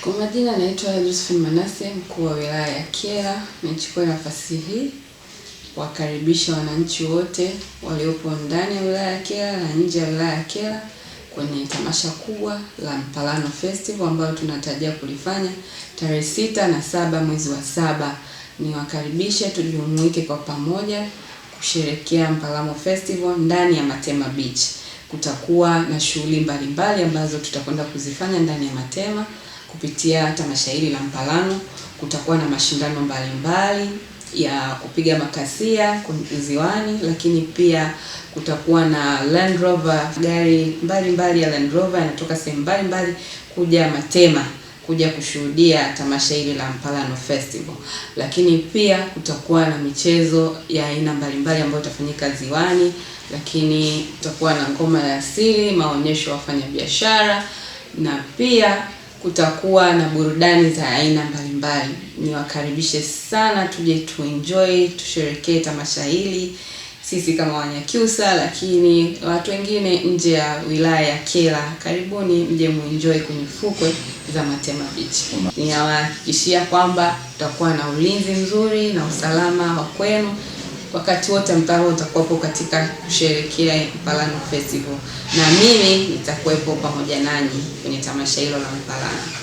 Kwa majina naitwa Josephine Manase, mkuu wa wilaya ya Kyela. Nichukue nafasi hii kuwakaribisha wananchi wote waliopo ndani ya wilaya ya Kyela na nje ya wilaya ya Kyela kwenye tamasha kubwa la Mpalano Festival ambayo tunatarajia kulifanya tarehe sita na saba mwezi wa saba. Niwakaribishe tujumuike kwa pamoja kusherekea Mpalano Festival ndani ya Matema Beach kutakuwa na shughuli mbalimbali ambazo tutakwenda kuzifanya ndani ya Matema kupitia tamasha hili la Mpalano. Kutakuwa na mashindano mbalimbali mbali ya kupiga makasia ziwani, lakini pia kutakuwa na Land Rover, gari mbalimbali mbali ya Land Rover yanatoka sehemu mbalimbali kuja Matema kuja kushuhudia tamasha hili la Mpalano Festival, lakini pia kutakuwa na michezo ya aina mbalimbali ambayo itafanyika ziwani, lakini kutakuwa na ngoma ya asili, maonyesho ya wafanyabiashara na pia kutakuwa na burudani za aina mbalimbali. Niwakaribishe sana, tuje tuenjoy, tusherekee tamasha hili sisi kama Wanyakyusa, lakini watu wengine nje ya wilaya ya Kyela. Karibuni mje muenjoy kwenye fukwe za Matema Beach. Ninawahakikishia kwamba tutakuwa na ulinzi mzuri na usalama wa kwenu wakati wote mtaro utakuwepo katika kusherekea Mpalano Festival, na mimi nitakuwepo pamoja nanyi kwenye tamasha hilo la Mpalano.